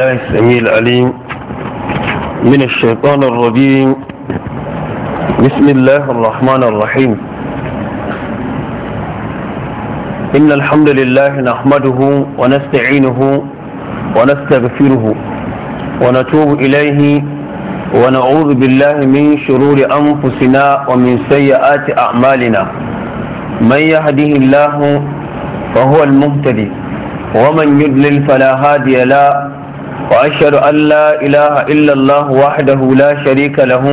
الله السميع العليم من الشيطان الرجيم بسم الله الرحمن الرحيم إن الحمد لله نحمده ونستعينه ونستغفره ونتوب إليه ونعوذ بالله من شرور أنفسنا ومن سيئات أعمالنا من يهده الله فهو المهتدي ومن يضلل فلا هادي له وأشهد أن لا إله إلا الله وحده لا شريك له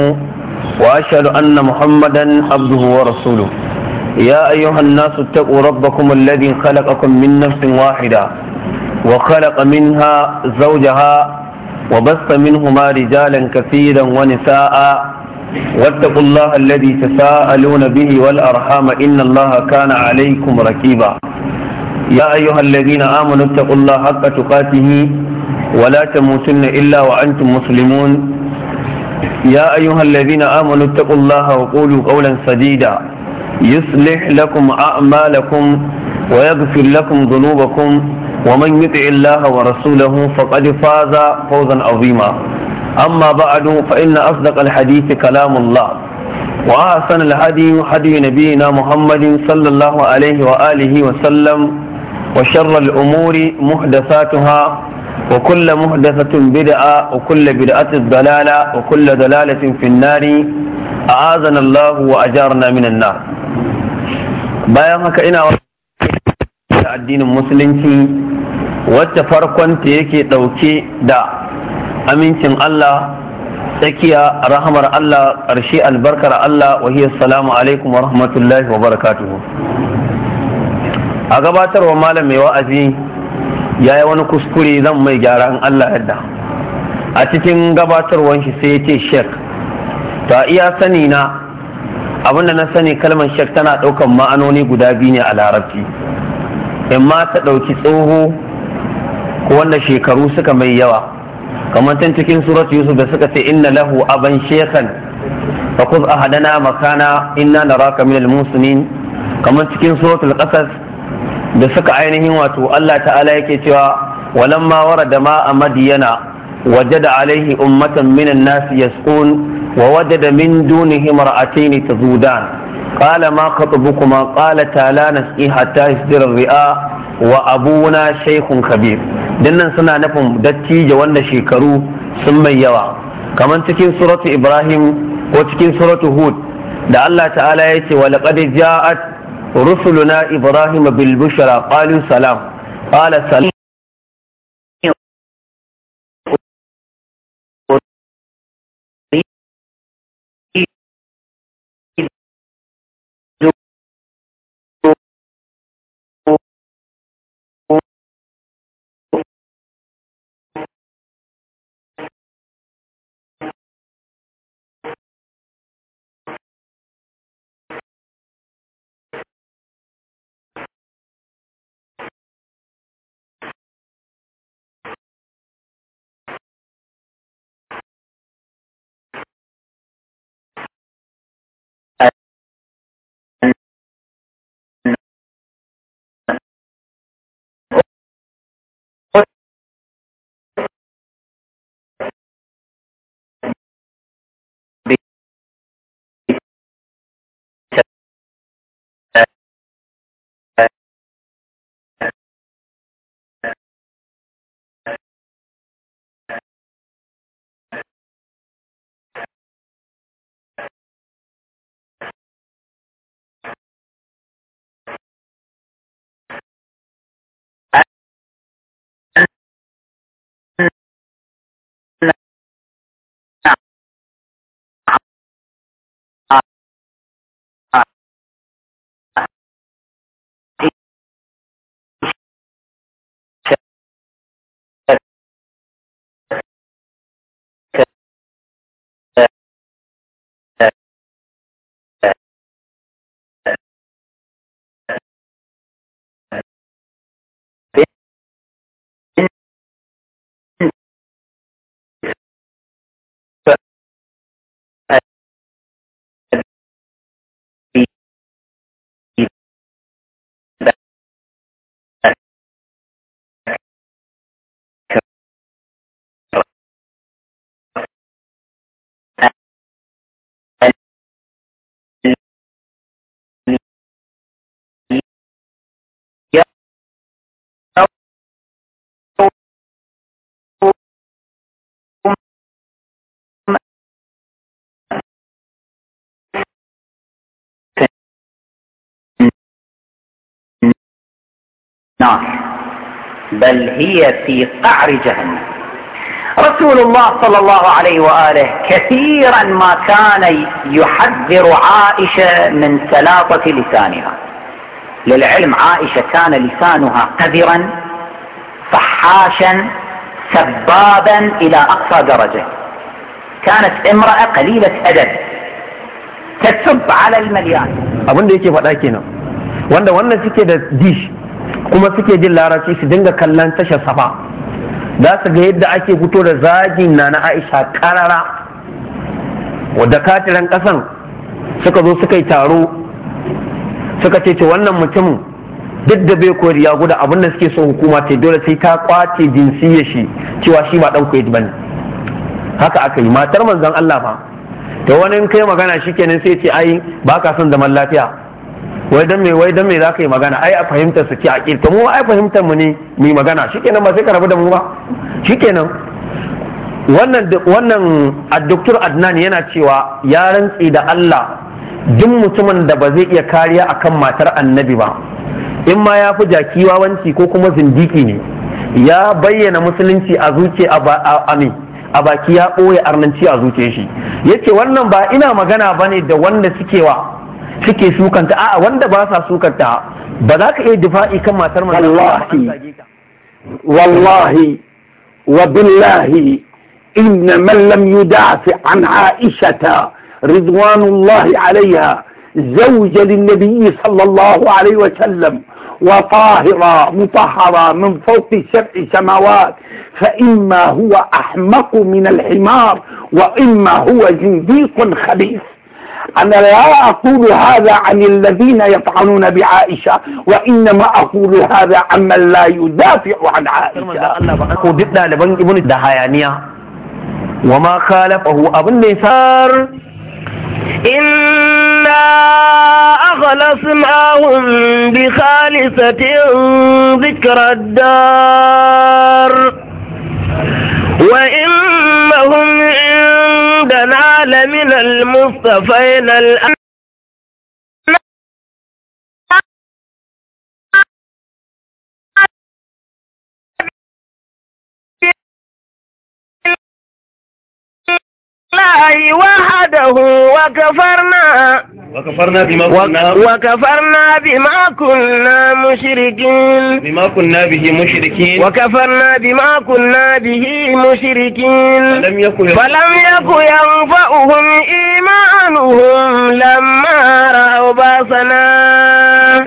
وأشهد أن محمدا عبده ورسوله يا أيها الناس اتقوا ربكم الذي خلقكم من نفس واحدة وخلق منها زوجها وبث منهما رجالا كثيرا ونساء واتقوا الله الذي تساءلون به والأرحام إن الله كان عليكم ركيبا يا أيها الذين آمنوا اتقوا الله حق تقاته ولا تموتن إلا وأنتم مسلمون يا أيها الذين آمنوا اتقوا الله وقولوا قولا سديدا يصلح لكم أعمالكم ويغفر لكم ذنوبكم ومن يطع الله ورسوله فقد فاز فوزا عظيما أما بعد فإن أصدق الحديث كلام الله وأحسن الهدي هدي نبينا محمد صلى الله عليه وآله وسلم وشر الأمور محدثاتها وكل محدثة بدعة وكل بدعة ضلالة وكل ضلالة في النار أعاذنا الله وأجارنا من النار bayan haka ina da addinin musulunci wacce farkon ta yake ɗauke da amincin Allah tsakiya rahamar Allah ƙarshe albarkar Allah wahiyar salamu alaikum wa rahmatullahi wa barakatuhu a gabatarwa malam mai wa'azi yi wani kuskure zan mai gyara in Allah yadda a cikin gabatarwan shi sai ya ce shek ta iya sani na abinda na sani kalmar shek tana ɗaukan ma'anoni guda biyu ne a larabci in ma ta ɗauki tsoho ko wanda shekaru suka mai yawa kamar tun cikin surat yusuf da suka ce inna lahu aban shekhan fa khudh ahadana makana inna naraka minal muslimin kamar cikin suratul qasas da suka ainihin wato Allah ta'ala yake cewa walamma da ma a madiyana wajada alaihi ummatan minan nas yasqun wa wajada min dunihim ra'atayn tazudan qala ma khatabukuma qala la nasqi hatta yasdira ri'a wa abuna shaykhun kabir dinnan suna nufin dattijo wanda shekaru sun mai yawa kamar cikin suratu ibrahim ko cikin suratu hud da Allah ta'ala ya ce wa ja'at رسلنا إبراهيم بالبشرى قالوا سلام قال سلام نار بل هي في قعر جهنم رسول الله صلى الله عليه وآله كثيرا ما كان يحذر عائشة من سلاطة لسانها للعلم عائشة كان لسانها قذرا فحاشا سبابا إلى أقصى درجة كانت امرأة قليلة أدب تسب على المليان abin da yake faɗa وانا wanda wannan kuma suke jin larabci su dinga kallon tashar safa za su ga yadda ake fito da zagin na na aisha karara wadda katiran kasan suka zo suka yi taro suka ce ce wannan mutumin duk da bai koyar ya guda abin da suke son hukuma ce dole sai ta kwace jinsiyar shi cewa shi ba dan koyar bane haka aka yi matar manzon Allah ba ta wani in kai magana shi shikenan sai ce ai ba ka son zaman lafiya wai dan me wai dan me zaka yi magana ai a fahimtar su ki a kirta mu ai fahimtar mu ne mu magana shikenan ba sai ka rabu da mu ba shikenan wannan wannan addoktor Adnan yana cewa ya rantsi da Allah duk mutumin da ba zai iya kariya akan matar annabi ba in ma ya fi jaki wawanci ko kuma zindiki ne ya bayyana musulunci a zuce a baki ya ɓoye arnanci a zuce shi ce wannan ba ina magana ba ne da wanda suke wa suke sukanta a'a wanda ba sa sukanta ba za ka iya difa'i kan matar manzon Allah wallahi wa billahi inna man lam yudafi an aisha رضوان الله عليها زوجة للنبي صلى الله عليه وسلم وطاهرة مطهرة من فوق سبع سماوات فإما هو أحمق من الحمار وإما هو زنديق خبيث أنا لا أقول هذا عن الذين يفعلون بعائشة وإنما أقول هذا عمن لا يدافع عن عائشة ko duk ɗaliban ibn da hayaniya wa ma إنا أخلصناهم بخالصة ذكر الدار وإن قال من المصطفى إلى الله وحده وكفرنا وكفرنا بما كنا وكفرنا بما كنا مشركين بما كنا به مشركين وكفرنا بما كنا به مشركين يكن فلم يكن ينفع يلهيهم إيمانهم لما رأوا بأسنا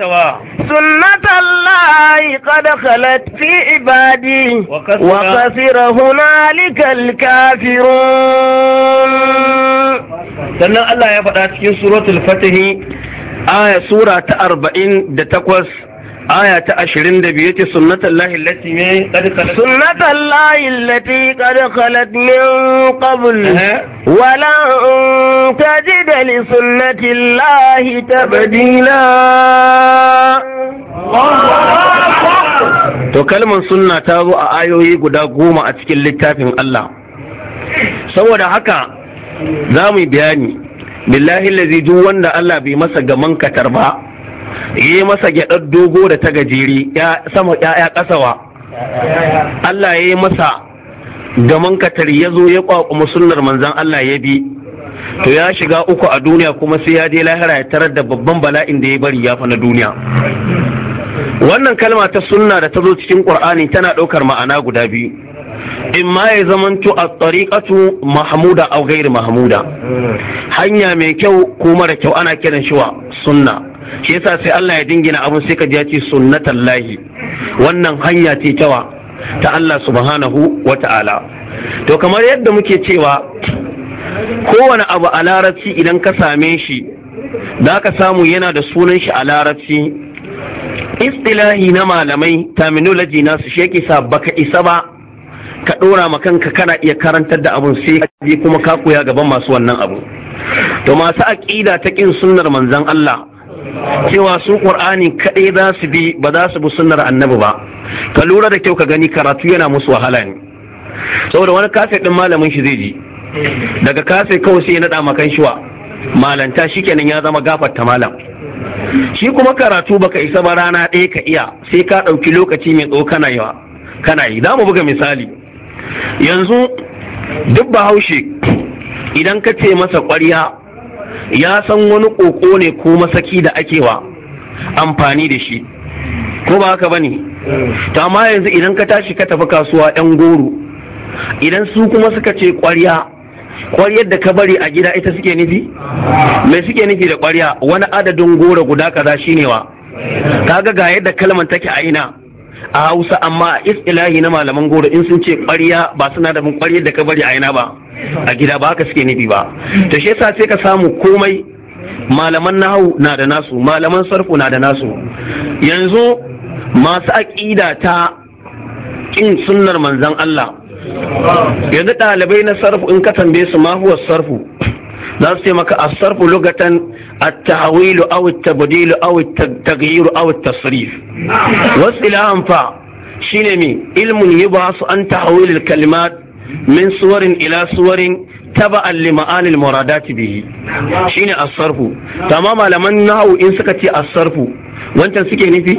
سنة الله قد خلت في عبادي وخسر هنالك الكافرون سنة الله يفعل في سورة الفتح آية سورة أربعين دتكوس aya ta ashirin da biyu ce sunnatan lahi lati ne sunnatan lahi lati kad khalat min qabl wala tajid li sunnati lahi tabdila to kalmar sunna ta zo a ayoyi guda goma a cikin littafin Allah saboda haka za mu yi bayani billahi lazi duk wanda Allah bai masa gaman katar ba yi masa gyaɗar dogo da ta gajeri sama ƴaƴa ƙasawa. Allah ya yi masa gaman katar ya zo ya kwakuma sunnar manzan Allah ya bi to ya shiga uku a duniya kuma sai ya je lahira ya tarar da babban bala'in da ya bari ya fa na duniya wannan kalma ta sunna da ta zo cikin qur'ani tana ɗaukar ma'ana guda biyu in ma ya zamanto a tsariƙatu mahmuda au gairi mahmuda hanya mai kyau ko mara kyau ana kiran shi wa sunna shi yasa sai Allah ya dingina abun sai ka ji sunnatan lahi wannan hanya ce tawa ta Allah subhanahu wa ta'ala to kamar yadda muke cewa kowane abu a larabci idan ka same shi da ka samu yana da sunan shi a larabci istilahi na malamai terminology nasu shi yake sa baka isa ba ka ɗora ma kanka kana iya karantar da abun sai ka je kuma ka koya gaban masu wannan abu to masu aƙida ta ƙin sunnar manzon Allah cewa su ƙur'ani kaɗai za su bi ba za su bi sunnar annabi ba ka lura da kyau ka gani karatu yana musu wahala ne saboda wani kaset ɗin malamin shi zai ji daga kafe kawai sai ya naɗa makan shiwa malanta shikenan ya zama gafarta malam shi kuma karatu baka isa ba rana ɗaya ka iya sai ka ɗauki lokaci mai tsawo kana yi kana yi za mu buga misali yanzu duk bahaushe idan ka ce masa ƙwarya ya san wani ƙoƙo ne ko masaki da ake wa amfani da shi ko ba haka ne? ta ma yanzu idan ka tashi ka tafi kasuwa yan goro idan su kuma suka ce ƙwarya ƙwaryar da ka bari a gida ita suke nufi mai suke nufi da ƙwarya wani adadin goro guda kaza shine wa kaga ga yadda kalmar take a ina a hausa amma ilahi na malaman goro in sun ce ƙwarya ba suna da ƙwaryar da ka bari a yana ba a gida ba haka suke nufi ba ta shi yasa sai ka samu komai malaman nahu na da nasu malaman sarfu na da nasu yanzu masu aƙida ta ƙin sunnar manzon Allah yanzu ɗalibai na sarfu in ka tambaye su ma huwa sarfu za su ce maka asarfu lugatan at-tahwilu aw at-tabdilu aw at-taghyiru aw at-tasrif wasilahan fa shine mi ilmun su an tahwil al-kalimat min suwarin ila suwarin تبعا لمعاني المرادات به شيني الصرف تمام malaman nahu in suka ce asarfu wancan suke nufi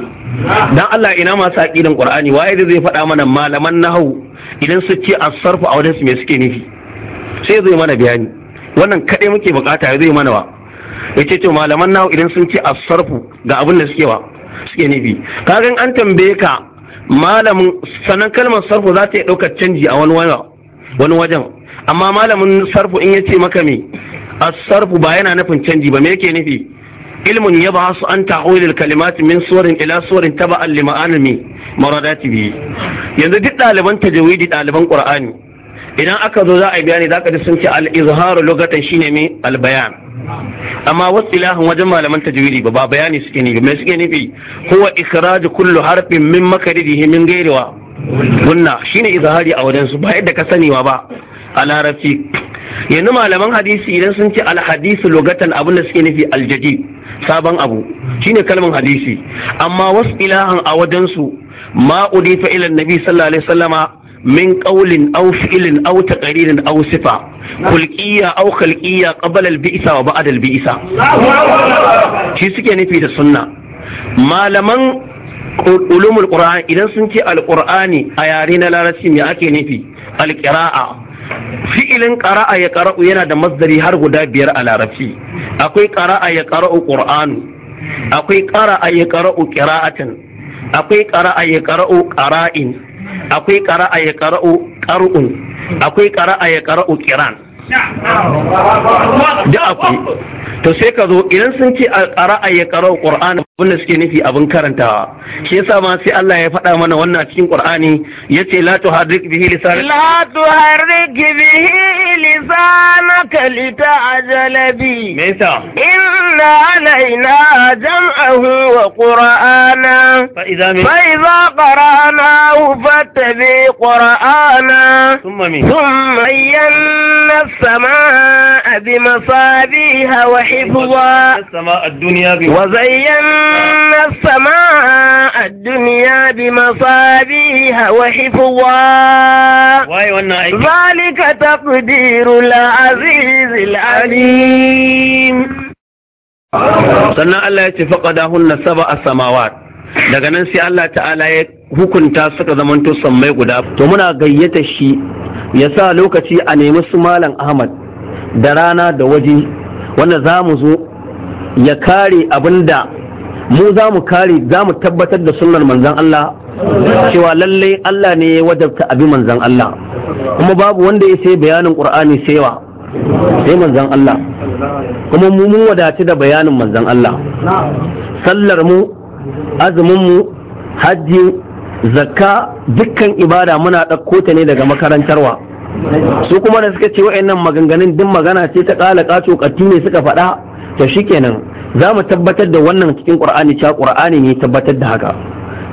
dan Allah ina masu aqidan Qur'ani waye zai faɗa mana malaman nahu idan su ce asarfu a wajen su me suke nufi sai zai mana bayani wannan kaɗai muke bukata zai mana ba ya ce ce malaman nawa idan sun ce sarfu ga abin da suke ba suke nufi kagan an tambaye ka malamin sanan kalmar sarfu za ta iya ɗaukar canji a wani wajen amma malamin sarfu in ya ce maka me sarfu ba yana nufin canji ba me yake nufi Ilmin ya ba su an ta'awilil kalimati min suwarin ila suwarin taba'an maradati biyu yanzu duk ɗaliban tajawidi ɗaliban ƙur'ani idan aka zo za a yi bayani za ka ji sun ce al-izharu lugatan shine mai al-bayan amma wasu ilahin wajen malaman tajwidi ba ba bayani suke ne mai suke nufi huwa ikhraju kullu harfin min makaridihi min gairewa gunna shine izhari a wajen su ba yadda ka sani ba a larabci yanzu malaman hadisi idan sun ce alhadisu lugatan abin da suke nufi aljadi sabon abu shine kalman hadisi amma wasu ilahan a wajen su ma udifa ilan nabi sallallahu alaihi wasallama min قول أو فعل أو تقرير أو sifa خلقية أو خلقية قبل البئسة وبعد wa ba'da al السنة shi suke علوم القرآن إذا malaman القرآن أيارين idan sun ce al-qur'ani a yare na ake nufi fi'ilin qara'a ya qara'u yana da masdari har guda biyar a larabci akwai qara'a ya qara'u qur'anu akwai qara'a ya qara'u ƙira'atin. akwai qara'a ya qara'u qara'in akwai ƙara'a ya ƙara'u ƙar'un akwai ƙara'a ya ƙara'u ƙiran da akwai to sai ka zo idan sun ce a ƙara'a ya ƙara'u qur'an abin da suke nufi abin karantawa shi yasa ma sai Allah ya faɗa mana wannan cikin qur'ani ya la latu bihi lisan la tuharrik bihi lisanaka litajalabi me yasa إن علينا جمعه وقرآنا فإذا, فإذا قرأناه فاتبع قرآنا ثم من ثم عينا السماء بمصابيها وحفظا السماء الدنيا وزينا السماء الدنيا بمصابيها وحفظا ذلك تقدير العزيز العليم sannan Allah ya ce hunna sab'a samawa daga nan sai Allah ta'ala ya hukunta suka zamanto mai guda to muna gayyata shi ya sa lokaci a nemi su malam Ahmad da rana da waje wanda za mu zo ya kare abin da mu za mu kare za mu tabbatar da sunnar manzon Allah cewa lallai Allah ne ya wajabta abin manzon Allah kuma babu wanda ya sai bayanin ƙur'ani sai wa sai manzan Allah kuma mu mun wadaci da bayanin manzan Allah sallar mu azumin mu hajji zakka dukkan ibada muna ɗauko ta ne daga makarantarwa su kuma da suka ce wa'annan maganganun duk magana ce ta ƙala ƙato ƙatti ne suka faɗa to shikenan za mu tabbatar da wannan cikin ƙur'ani cewa ƙur'ani ne tabbatar da haka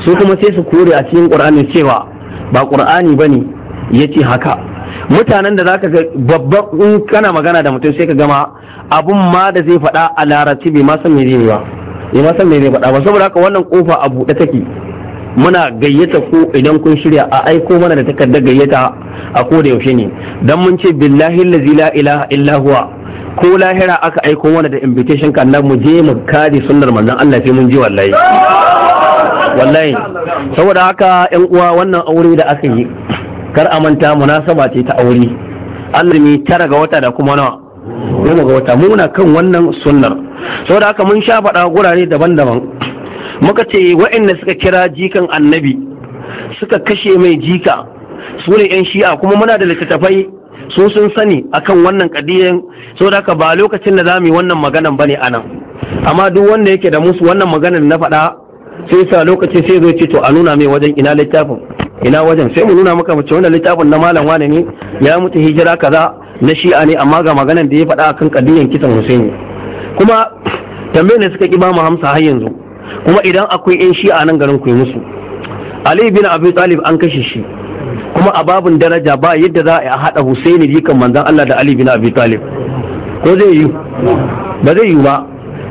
su kuma sai su kore a cikin ƙur'ani cewa ba ƙur'ani ba ne ya ce haka mutanen da zaka ga babban in kana magana da mutum sai ka gama abun ma da zai faɗa a larabci bai ma san menene ba bai ma san menene faɗa saboda haka wannan kofa a buɗe take muna gayyata ku idan kun shirya a aiko mana da takardar gayyata a ko da yaushe ne dan mun ce billahi la ilaha illa huwa ko lahira aka aiko mana da invitation ka nan mu je mu kare sunnar manzon Allah sai mun ji wallahi wallahi saboda haka yan uwa wannan aure da aka yi kar a manta munasaba ce ta aure azumi tara ga wata da kuma nawa goma ga wata muna kan wannan sunnar saboda haka mun sha faɗa gurare daban-daban muka ce waɗanda suka kira jikan annabi suka kashe mai jika su ne 'yan shi'a kuma muna da littattafai sun, sun sani akan wannan kadiyan saboda haka ba lokacin da za mu yi wannan maganan bane a nan amma duk wanda yake da musu wannan maganan na faɗa sai sa lokaci sai zo ce to a nuna mai wajen ina littafin ina wajen sai mu nuna maka mace wannan littafin na malam wane ne ya mutu hijira kaza na shi'a ne amma ga maganan da ya faɗa akan kadiyan kisan Husaini kuma tambayar ne suka ki mu hamsa har yanzu kuma idan akwai yan shi'a nan garin ku yi musu Ali bin Abi Talib an kashe shi kuma a babun daraja ba yadda za a haɗa Husaini kan manzon Allah da Ali bin Abi Talib ko zai yi ba zai yi ba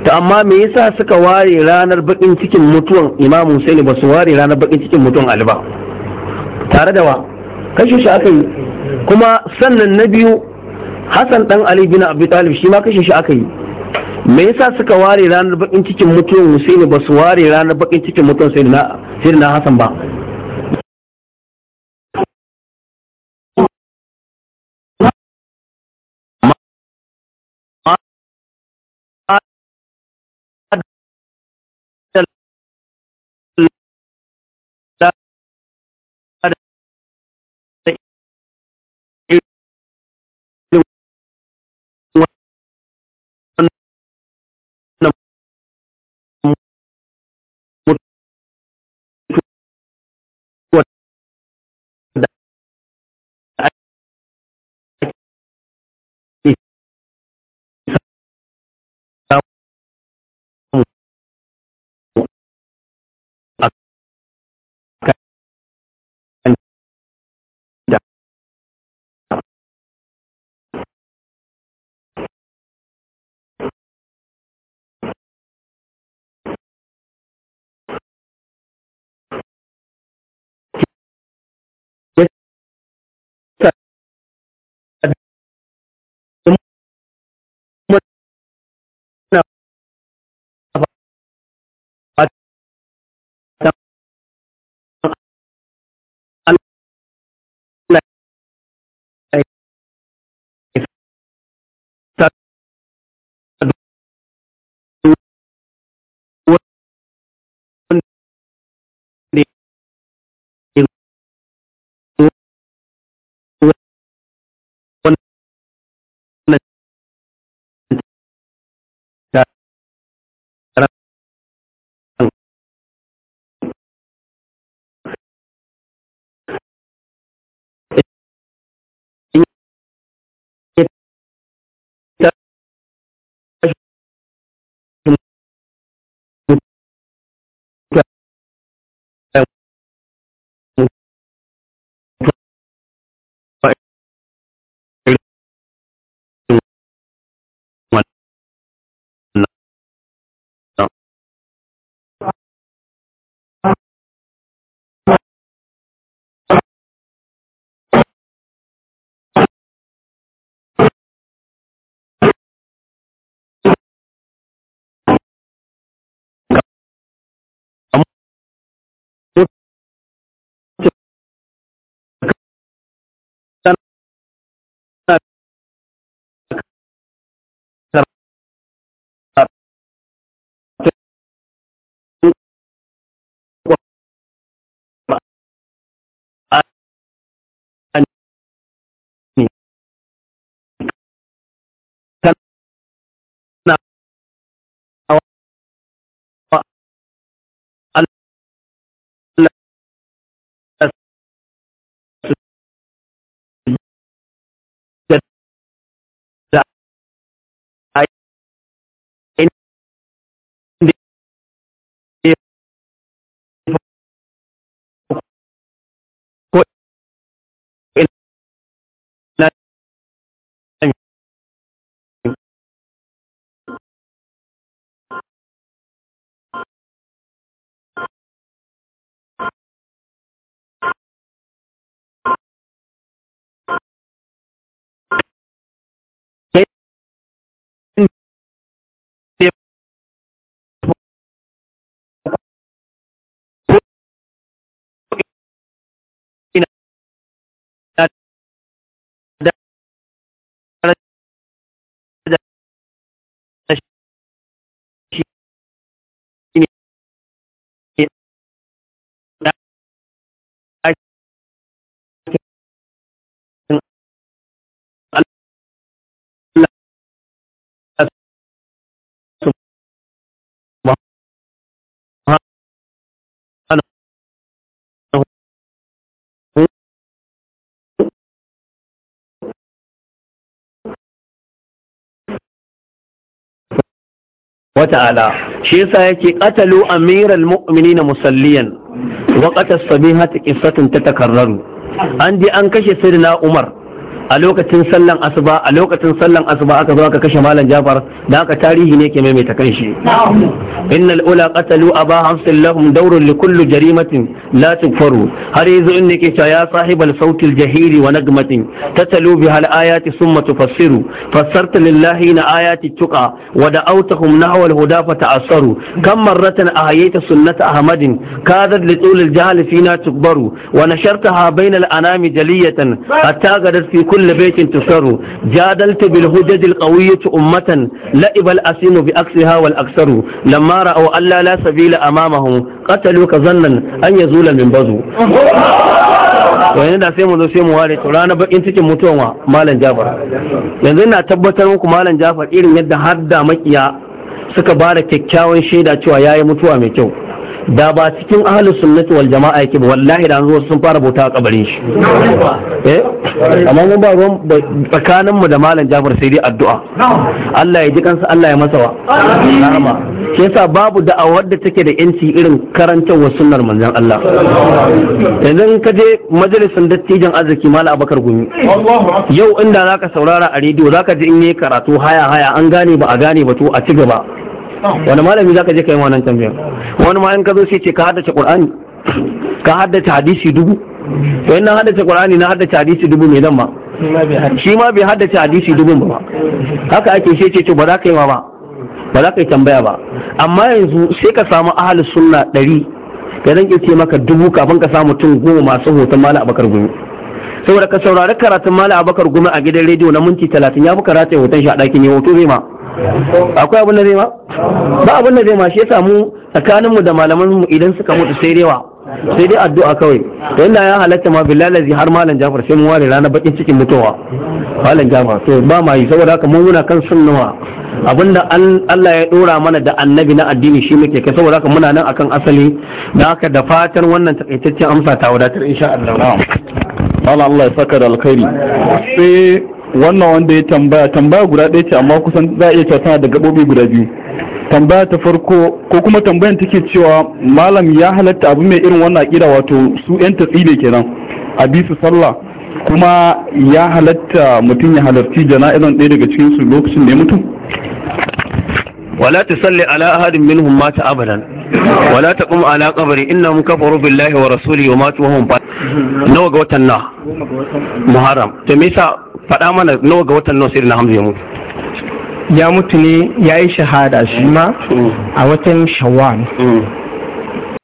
ta amma me yasa suka ware ranar bakin cikin mutuwan Imam Husaini ba su ware ranar bakin cikin mutuwan Ali ba tare da wa kashe shi aka yi kuma sannan na biyu hassan dan ali bin abi talib shi ma kashe shi aka yi me yasa suka ware ranar bakin cikin mutuwar husaini ba su ware ranar bakin cikin mutuwan sayyidina hassan ba wata'ala shi yasa yake qatalu amiral na musalliyan wa qatas sabihati ta tatakarraru an je an kashe sayyidina Umar a lokacin sallan asuba a lokacin sallan asuba aka zo aka kashe malam jafar da aka tarihi ne ke maimaita kanshi innal ula qatalu aba hamsin lahum dawrun li kulli jarimatin la tukfaru har yanzu in ne ke cewa ya sahibal sautil jahili wa nagmatin tatalu bi hal ayati summa tufassiru fassarta lillahi na ayati tuqa wa da'awtahum nahwa al huda fa ta'assaru kam marratan ahayta sunnata ahmadin kadad li tul al jahl fina tukbaru wa nashartaha bayna al anami jaliyatan hatta gadat fi كل بيت تسر جادلت بالهجج القوية أمة لئب ummatan بأكسها والأكسر لما bi aksiha لا aksaru أمامهم ra'aw alla la يزول من بزو ka zannan an min yanzu sai mu zo sai mu ware to rana bakin cikin mutuwan wa malam jafar yanzu ina tabbatar muku malam jafar irin yadda har da makiya suka ba da kyakkyawan shaida cewa yayi mutuwa mai kyau da ba cikin ahalin sunnati wal jama'a yake ba wallahi da zuwa sun fara bauta a kabarin shi eh amma mun ba ruwan tsakanin mu da malam Jafar sai dai addu'a Allah ya ji kansa Allah ya masa wa rahama yasa babu da'awar da take da yanci irin karantar wa sunnar manzon Allah yanzu ka je majalisin dattijin arziki malam Abubakar Gumi yau inda zaka saurara a rediyo zaka ji in yi karatu haya haya an gane ba a gane ba to a ci gaba wani malami zaka je kai wannan tambayar wani ma in ka zo sai ce ka haddace qur'ani ka haddace hadisi dubu to in na haddace qur'ani na haddace hadisi dubu me dan ba shi ma bai haddace hadisi dubu ba haka ake sai ce to ba za ka yi ma ba ba za ka yi tambaya ba amma yanzu sai ka samu ahalus sunna ɗari ka dan ce maka dubu kafin ka samu tun goma masu hoton mala abakar gumi saboda ka saurari karatun mala abakar gumi a gidan rediyo na minti talatin ya fi karata hoton shi a ɗakin ya hoto zai ma akwai abin da zai ma ba abin da zai ma shi ya samu tsakaninmu da malamanmu idan suka mutu sai rewa sai dai addu'a kawai to inda ya halatta ma billahi har malam Jafar sai mun ware ranar bakin cikin mutuwa malam Jafar to ba ma yi saboda haka mun muna kan sunnawa abinda Allah ya dora mana da annabi na addini shi muke kai saboda haka muna nan akan asali da haka da fatan wannan takaitaccen amsa ta wadatar insha Allah Allah ya saka da alkhairi sai wannan wanda ya tambaya tambaya guda ɗaya ce amma kusan za a iya cewa tana da gaɓoɓi guda biyu tambaya ta farko ko kuma tambayan take cewa malam ya halatta abu mai irin wannan aƙida wato su yan tatsi ne kenan a bi su sallah kuma ya halatta mutum ya halarci jana'izan ɗaya daga cikin su lokacin da ya mutu ولا تصلي على أحد منهم مات أبدا ولا تقوم على قبري إنهم كفروا بالله ورسوله وماتوا وهم نوغ وتنا محرم تميسا faɗa mana nawa ga watan nawa na hamza ya mutu ya mutu ne ya yi shahada shi ma mm. a watan shawwal mm.